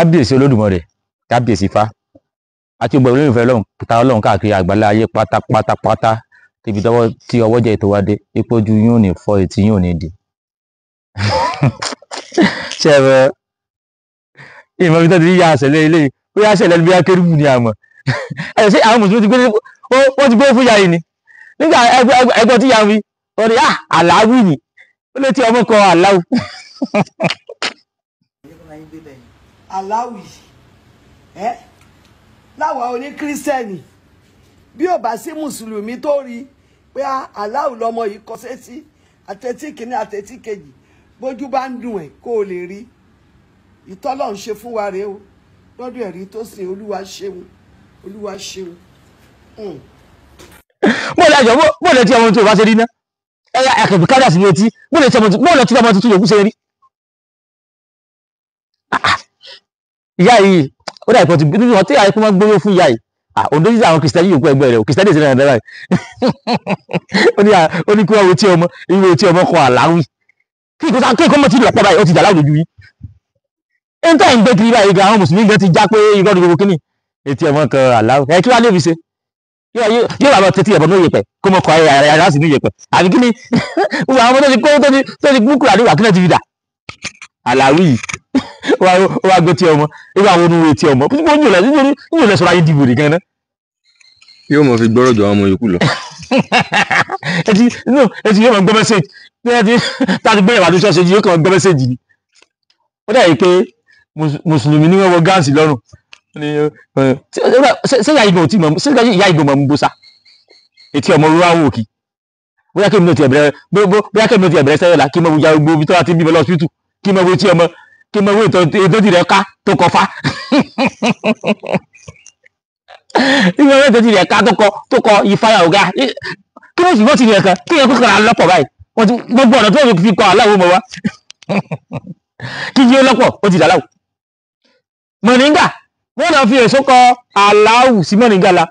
kábíyèsí olódùmarè kábíyèsí Ifá àti gbogbo olólùfẹ́ ọlọ́run ta ọlọ́run káàkiri àgbàlá ayé pátápátápátá tíbi tọwọ́ tí ọwọ́ jẹ́ ètò wa dé ipò ojú yóò ní fọ́ etí yóò ní di. ṣe ẹ ìmọ̀ ibi tó ti yá àṣẹlẹ̀ ilé yìí ó yá àṣẹlẹ̀ bí akérúbù ni àmọ́ ẹ ṣe àwọn mùsùlùmí ti gbé ó ti gbé fún yàrá ni nígbà ẹgbẹ́ tí yàrá wí ó ní àláwì ah, ni ó lè ti ọmọ kọ àláwù. aláwì ẹ láwa oní kírísítẹ́nì bí ò bá sí mùsùlùmí tó rí pé aláwì lọmọ yìí kọ sétí àtẹ̀tí kìíní àtẹ̀tí kejì bójú bá ń dùn ẹ̀ kó o lè rí ìtọ́lọ̀ ń ṣe fún wa rèé o lọ́dún ẹ̀rí tó sìn olúwa ṣeun olúwa ṣeun. Hmm. mo lè jọ mo lè tí ọmọ tó o bá ṣe rí ná ẹ̀ka ẹ̀kẹ́ bí kájà sí ní etí mo lè tí ọmọ tó yòókù ṣe rí. ìyá yìí ó dà ìpọ̀tù nínú ọtí àyè kó máa gbóyó fún ìyá yìí òdo yíyá àwọn kìrìsìtẹ́nì yòókù ẹgbẹ́ rẹ̀ kìrìsìtẹ́nì ìṣẹ̀lẹ̀ nàìjíríà yìí ó ní kí wọ́n wo tí ọmọ ìwé tí ọmọ kan àláwì kí ìkọ́sá kí ìkọ́mọ ti lọ̀pọ̀ báyìí ó ti jà láwùjọ yìí ń tẹ́ ń gbé kiri báyìí gan àwọn mùsùlùmí gan ti já pé irọ́ ni gbogbo kíní etí ọmọ kan àláwì ẹ kí wàá lè fi ṣe yóò bàbá tètè ẹ̀bọ̀n lóye pẹ̀ kó mọ kọ ara sí lóye pẹ̀ àbí kíní aláwì ó wá gbé tí ọmọ ó wá wọnú etí ọmọ púpọ̀ ní ìlẹ̀ nítorí ní ìlẹ̀ sọ̀rọ̀ ayé dìbò rè gan-an. yóò mọ fi gbọ́rọ̀ jọ àwọn ọmọ yòókù lọ. ẹtì no ẹtì yóò mọ gbọ́ mẹ́sẹ̀gì ẹtì tá a ti gbẹ́yàwó àti ṣọ́ọ̀ṣì yóò kàn gbọ́ mẹ́sẹ̀gì ni. ó dà yìí pé mùsùlùmí ni wọ́n wọ gáàsì lọ́rùn ṣé ìyá ìgbọ̀n ò tí mọ̀ ṣé ìyá ìgbọ̀n mọ̀ ń bó sa etí ọmọ rúra wò kí bóyá kí èmi náà ti ẹ̀bẹ̀rẹ̀ bóyá kí èmi náà ti ẹ̀bẹ̀rẹ̀ sẹ́yọ̀lá kí mo wùjà gbogbo ibi tó wà tí bíbẹ̀ lọ́sítù kí mọ owó tí ọmọ kí mọ owó ìtọ́jú rẹ̀ ká tó kọ fá kí mọ ìtọ́jú rẹ̀ ká tó kọ ìfáyà ọ̀gá kí wọ́n sì fọ́ kan kí ẹ̀kọ́ kan lọ́pọ̀ báyìí wọ́n ti ọ̀nà tó fi kọ aláwo mọ̀ wá kí yíyó lọ́pọ̀ ó ti dà mọ̀nìngà wọ́n lọ fi èso kọ aláwù sí mọ̀nìngà la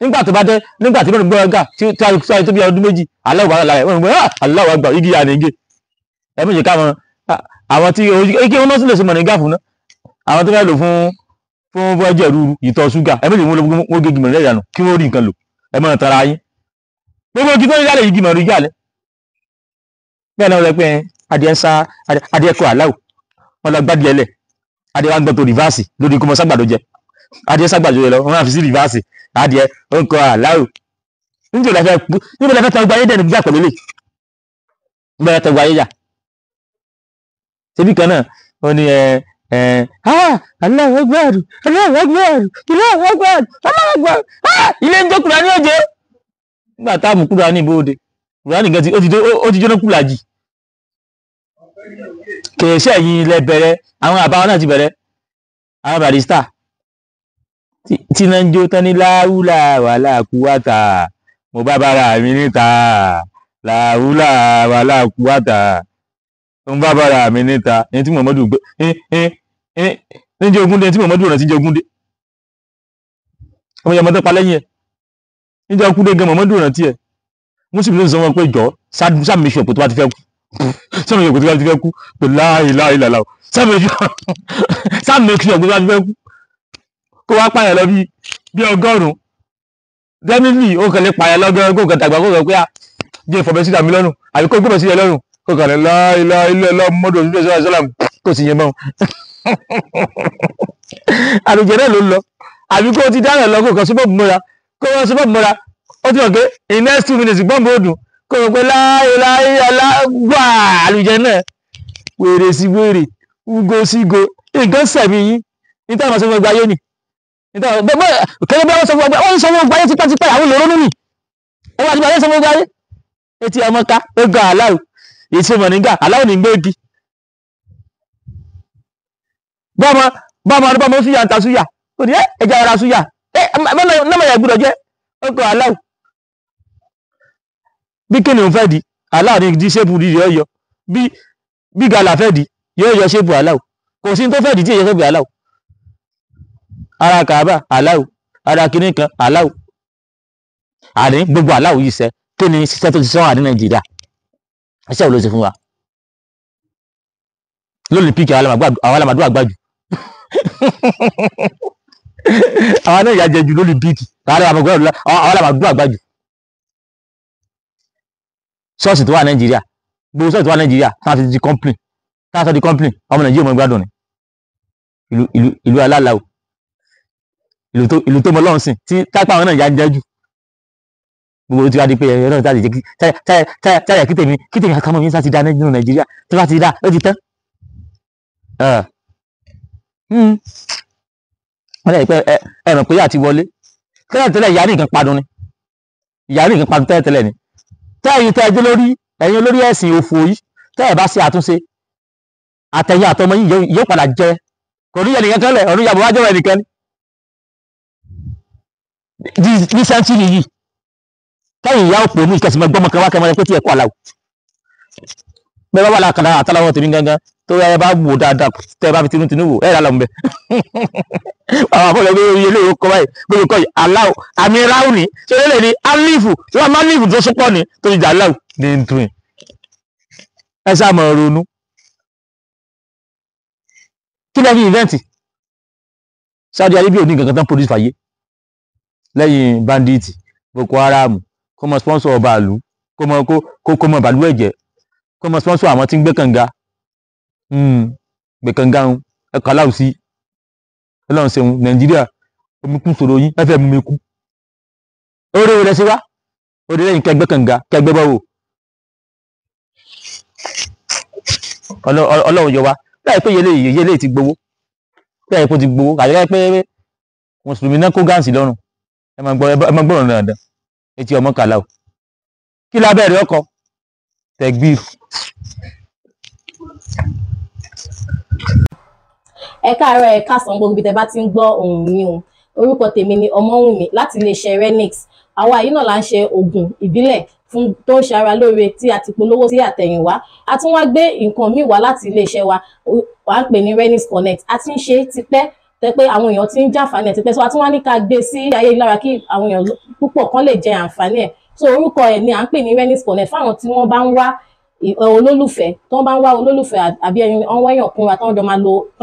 nígbà tó bá dé nígbà tí mọ̀nìngà ọ̀gá tí ó tó bí ọdún méjì aláwù bá lára ẹ̀ wọ́n mọ̀ ah, aláwù àgbà igi àníge ẹ̀ méjì káwọn àwọn tí ike wọn náà sì lè ṣe mọ̀nìgá fún náà àwọn tó fẹ́ lò fún fún fọ́jẹ̀ rúru ìtọ̀ ṣúgà ẹ̀mí lè wọ́n gé gìmọ̀ lẹ́yìn àná kí wọ́n rí nǹkan lò ẹ mọ̀ tara yín gbogbo kí tó ń yálẹ̀ yìí gìmọ̀ rí yálẹ̀ bẹ́ẹ̀ náà lẹ́pẹ́ adìẹ ń sá adìẹ kọ àláwò wọn lọ gbádìẹ lẹ̀ adìẹ wa ń gbọ́ tó rìvásì lórí kó mọ ságbàdo jẹ adìẹ ságbàdo jẹ lọ wọn àfi sí rìvásì adìẹ ń kọ àláwò ṣebí kan náà ó ní ẹ eh, ẹ eh, ah, Allahu Akbar Allahu Akbar Allahu Akbar Allahu Akbar ah, ilé ń jẹ́ Kùránì òjò nígbà táàmù Kùránì ìbòde Kùránì nìkan ó ti jóná kùlàjì kèéṣẹ́ yìí lẹ bẹ̀rẹ̀ àwọn àbáwọn náà ti bẹ̀rẹ̀ àwọn barista tí náà ń jó tán ní láúlà wàhálà kúwàtà mo bá bára mi níta láúlà wàhálà kúwàtà ń bá bára mi níta ẹni tí Muhammadu gbé ní jẹ́ ogúndé tí Muhammadu rántí jẹ́ ogúndé ọmọ ìyàmọ́tọ́ pa lẹ́yìn ẹ̀ ní jẹ́ ogúndé gan Muhammadu rántí ẹ̀ mùsùlùmí ló ń sọ wọn pé jọ sàmì ìṣòpò tó bá ti fẹ́ kú sàmì ìṣòpò tó bá ti fẹ́ kú pé láàyè láàyè làlá o sàmì ìṣòpò tó bá ti fẹ́ kú kó wá pààyàn lọ bí ọgọ́rùn-ún dẹ́mílì ó kàn lè pààyàn lọ́gọ́rùn-ún kó kàn dàgbà kó kàn pé à ah, jẹ́ ìfọ̀bẹ́sí dàmí lọ́rùn àbí kó gbọ́bẹ̀ kọkànlẹ̀ láìlá ilẹ̀ lọ́mọdé òṣìṣẹ́ ìṣẹ́ àṣàlám kò sì yẹn mọ́ àlùjẹ náà ló ń lọ àbí kó ti dára lọ kó kàn sí bọ́ọ̀bù mọ́ra kó wọ́n sí bọ́ọ̀bù mọ́ra ó ti mọ̀ pé in next two minutes gbọ́ǹbù ó dùn kó mọ̀ pé láìlá ilẹ̀ gbà àlùjẹ náà wèrè sí wèrè ugo sí go nǹkan sẹ̀mí yín ní táwọn sọ fún ẹgbẹ́ ayé nì kẹ́lẹ́ bí wọ́n sọ fún ẹgbẹ́ wọ́n sọ fún ẹgbẹ́ ayé tipẹ́tipẹ́ àwọn olóró nù mí ẹgbẹ́ àti èsì mọ̀nìngà aláwọ̀ ní gbégi bọ́mọ bọ́mọ ọdún bọ́mọ súyà ń ta súyà ó ní ẹ ẹja ara súyà ẹ mẹ́lẹ̀ yẹn gbúdọ̀ jẹ́ ọkọ̀ aláwọ̀ bí kíni òun fẹ́ di aláwọ̀ ní di ṣépù di yọ yọ bí bí gàlà fẹ́ di yọ yọ ṣépù aláwọ̀ kò sí tó fẹ́ di tí èyí ṣépù aláwọ̀ ara kàábà aláwọ̀ ara kìnnìkan aláwọ̀ àní gbogbo aláwọ̀ yìí sẹ́ kí ni ṣiṣẹ́ tó ti sọ́wọ́ àní Nàìjíríà iṣẹ́ wo ló ṣe fún wa lónìí pk àwọn alamadu àgbàjù àwọn náà ìyá jẹjù lónìí pk àwọn alamadu àgbàjù ṣọ́ọ̀ṣì tó wà nàìjíríà gbogbo ṣọ́ọ̀ṣì tó wà nàìjíríà táwọn ti di complain táwọn sọ di complain ọmọ nàìjíríà mọ gbádùn ni ìlú aláàlá o ìlú tó mọ lọ́hùn sìn tí tápá àwọn náà ìyá jẹjù gbogbo tí wàá di pé ẹ̀rọ náà jáde jẹ́ kí táyà kí tèmi kí tèmi àkàmọ́ mi sá ti dá nínú nàìjíríà tó bá ti dá ó ti tán. wọ́n lè pẹ́ ẹ mọ̀ pé yà ti wọlé tẹ́lẹ̀ tẹ́lẹ̀ ìyá nìkan padùn ni ìyá nìkan padùn tẹ́lẹ̀ tẹ́lẹ̀ ni tẹ́yìn tẹ́jú lórí ẹ̀yin olórí ẹ̀sìn òfò yìí tẹ́yẹ̀ bá ṣe àtúnṣe àtẹ̀yìn àtọmọ yìí yóò padà jẹ kò rí ẹnìkan kan lẹ̀ ọ̀run yàgò wájú ẹnìkan ní sẹ́ńtírì yìí káyìn ìyá òpó ní ìkẹsìmọ̀ gbọ́mọ kan wá kẹmọ́ ẹ pé tí ẹ kọ́ àlàó bẹ́ẹ̀ bá wà lákàndá àtàláwọ̀ tèmi gangan tó yẹ bá wò dáadáa tẹ́ bá fi tinú tinú wò ẹ̀ rà lọ́mọ bẹ́ẹ̀ àwọn afọlẹ́ bí oye lè kọ́ báyìí bí oye yìí aláwọ̀ àmì ráù ni ṣé lè ní alífù tí wọ́n máa ń tó sọ́pọ̀ ni tó ti dà aláwọ̀ ní ntúwìn ẹ sáà máa ronú kí lẹ́bi ìvẹ́ǹtì Saudi Arabia ò ní gangan tán police fàyè lẹ́yìn bandit Boko Haram kó mọ sponsor ọba àlù kó mọ kó kó mọ bàlúwẹ̀ jẹ́ kó mọ sponsor àwọn tí ń gbé kànga hmm, gbé kànga ń ẹ̀ka láwùsí ọlọ́run ṣeun nàìjíríà omi kún sòrò yín ẹ̀fẹ̀ mú mi kú orí rẹ̀ sí wá orí lẹ́yìn kẹgbẹ́ kànga kẹgbẹ́ bọ́wọ́ ọlọ́run yọ wá láì pé yẹlé yẹlé ti gbowó láì pé ti gbowó àti pé mùsùlùmí náà kó gáàsì lọ́rùn ẹ máa gbọ́ ọ̀rọ̀ dáadáa etí ọmọ kàlà o kí lábẹ́rẹ́ ọkọ tẹ̀gbìr. ẹ káàárọ̀ ẹ káàsán gbogbo ibi tẹ́ bá ti ń gbọ́ ohùn mi o orúkọ tèmi ni ọmọwùnmi láti iléeṣẹ́ renix àwa yìí náà là ń ṣe oògùn ìbílẹ̀ fún tó ń ṣara lóore tí a ti polówó sí àtẹ̀yìnwá a tún wá gbé nǹkan míì wá láti iléeṣẹ́ wa wàá pè ní renix connect a ti ń ṣe tipẹ́ tẹ pé àwọn èèyàn ti ń jàǹfààní ẹ̀ ti pẹ́ so àti wọ́n á ní ká gbé sí ayélujára kí àwọn èèyàn púpọ̀ kan lè jẹ àǹfààní ẹ̀ so orúkọ ẹ̀ ni à ń pè ní Renis Connect fáwọn tí wọ́n bá ń wá olólùfẹ́ tó ń bá ń wá olólùfẹ́ àbí ẹyin ọwọ́ èèyàn kúnra tó ń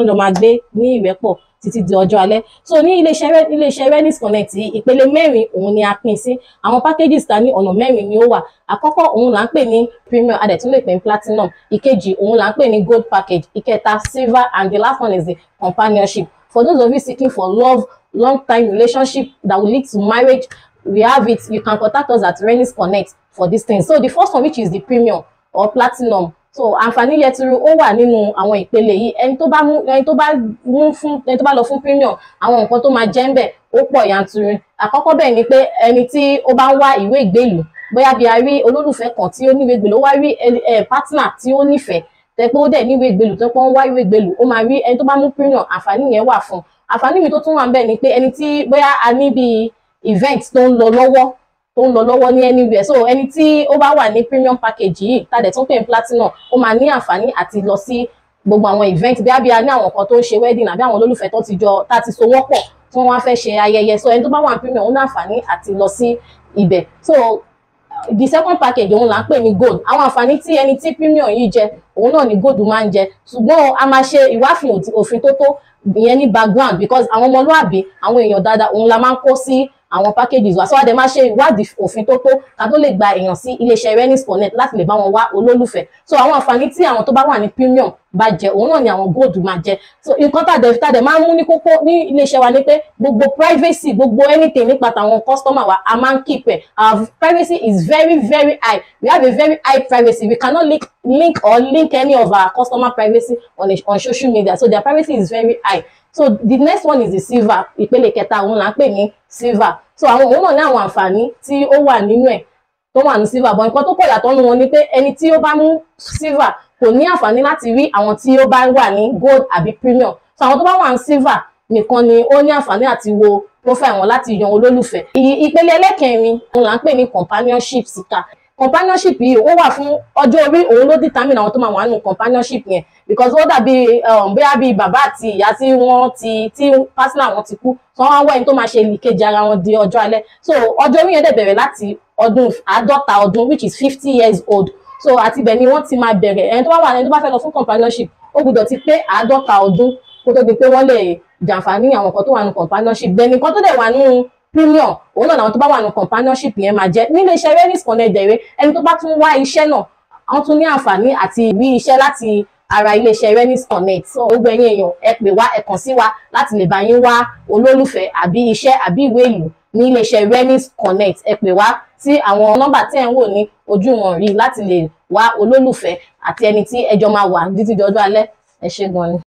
jọ máa gbé ní ìrẹ́pọ̀ títí di ọjọ́ alẹ́ so ní iléeṣẹ́ iléeṣẹ́ Renis Connect ìpele mẹ́rin òun ni a pín sí àwọn packages ta ní ọ̀nà mẹ́rin ni ó wà àkọ́kọ́ òun là ń pè ní premium adẹ̀ tún lè pè ní platinum ìkejì òun là ń pè ní gold package ìkẹta silver and the last one is the companionship For those of you seeking for love, long-time relationship that will lead to marriage, we have it. You can contact us at Renis Connect for this thing. So the first one, which is the premium or platinum. So àǹfààní yẹturu ó wà nínú àwọn ìpele yìí. Ẹni tó bá mú ẹni tó bá mú fún ẹni tó bá lọ fún premium, àwọn nǹkan tó máa jẹ́ ń bẹ̀ ó pọ̀ yanturu. Àkọ́kọ́ bẹ́ẹ̀ ni pé ẹni tí ó bá ń wá ìwé ìgbélú, bóyá bí a rí olólùfẹ́ kan tí ó níwèé gbèlú, ó wá rí partner tí ó nífẹ̀ẹ́ tẹ pé ó dẹ̀ ní ìwé ìgbélù tó pọ́n wá ìwé ìgbélù ó máa rí ẹni tó bá mú premium àǹfààní yẹn wà fún àǹfààní mi tó tún wà ń bẹ̀ ni pé ẹni tí bóyá a ní bíi event tó ń lọ lọ́wọ́ tó ń lọ lọ́wọ́ ní anywhere so ẹni tí ó bá wà ní premium package yìí tàdé tó ń pè ní platinum ó máa ní àǹfààní àti lọ sí gbogbo àwọn event bí abíyá ní àwọn kan tó ń ṣe wedding àbí àwọn olólùfẹ́ tó ti jọ tá ti so wọ́pọ̀ tí wọ́n wá fẹ́ ṣe ayẹyẹ so ẹni tó bá wà ní premium ó ní àǹfààní àti lọ sí ibẹ̀ so the second package òun là ń pè ní gold àwọn àǹfààní tí ẹni tí premium yìí jẹ òun náà ni gold máa ń jẹ ṣùgbọ́n a máa ṣe ìwáfin òfin tó tó ìyẹn ní background because àwọn ọmọlúàbí àwọn èèyàn dáadáa òun la máa ń kó sí àwọn packages wa sọ́wọ́dẹ máa ṣe ìwádìí òfin tó tó ká tó lè gba èèyàn sí iléeṣẹ́ renis connect láti lè bá wọn wá olólùfẹ́ so àwọn àǹfààní tí àwọn tó bá wà ní premium bá jẹ òun náà ni àwọn gold máa jẹ so nǹkan tàdé tàdé máa ń mú ní kókó ní iléeṣẹ́ wa ni pé gbogbo privacy gbogbo anything nípa tàwọn customer wa a máa ń keep ẹ̀ our privacy is very very high we have a very high privacy we cannot link link or link any of our customer privacy on, a, on social media so their privacy is very high so the next one is the silver ìpele kẹta òun là ń pè ní silver so àwọn òun náà ní àwọn àǹfààní tí ó wà nínú ẹ̀ tó wà ní silver bọ̀ nǹkan tó kọ̀ yàtọ̀ nínú wọn ni pé ẹni tí ó bá mú silver kò ní àǹfààní láti rí àwọn tí ó bá wà ní gold àbí premium so àwọn tó bá wà ní silver nìkan ni ó ní àǹfààní àti wo profile wọn láti yan olólùfẹ́ ìpele ẹlẹ́kẹrin òun là ń pè ní companionship síta companionship yìí ó wà fún ọjọ́ orí òun ló determine àwọn tó máa wà nínú companionship yẹn because ó dàbí um, bóyá bíi bàbá àti ìyá tí wọ́n ti tí pásínà wọn ti kú tí wọ́n wá ẹni tó máa ṣe ìkejì ara wọn di ọjọ́ alẹ́ so ọjọ́ orí yẹn dẹ̀ bẹ̀rẹ̀ láti ọdún àádọ́ta ọdún which is fifty years old so àti bẹ̀ ni wọ́n ti máa bẹ̀rẹ̀ ẹni tó bá wà ẹni tó bá fẹ́ lọ fún companionship ó gbọ́dọ̀ ti pé àádọ́ta ọdún kó tó di pé wọ́n lè jàǹfààní àwọn nǹkan tó wà nù companionship bẹ́ẹ̀ nìkan tó dẹ̀ wà nù premium òun náà làwọn tó bá wà nù companionship yẹn máa jẹ́ nílé iṣẹ́ rẹ́rìs kan ẹ̀dẹ̀rẹ́ ẹni tó bá tún wá iṣẹ́ náà wọ́n tún ní àǹfààní àti ìrí iṣẹ́ láti ara iléeṣẹ́ renis connect gbogbo ẹ̀yin èèyàn ẹ pè wá ẹ kàn sí wa láti lè bá yín wá olólùfẹ́ àbí iṣẹ́ àbí ìwé ìlú ní iléeṣẹ́ renis connect ẹ pè wá sí àwọn nọ́mbà tẹ́ ẹ̀ ń wò ní ojú wọn rí láti lè wá olólùfẹ́ àti ẹni tí ẹjọ́ máa wà títí dọjọ́ alẹ́ ẹ ṣé gan ni.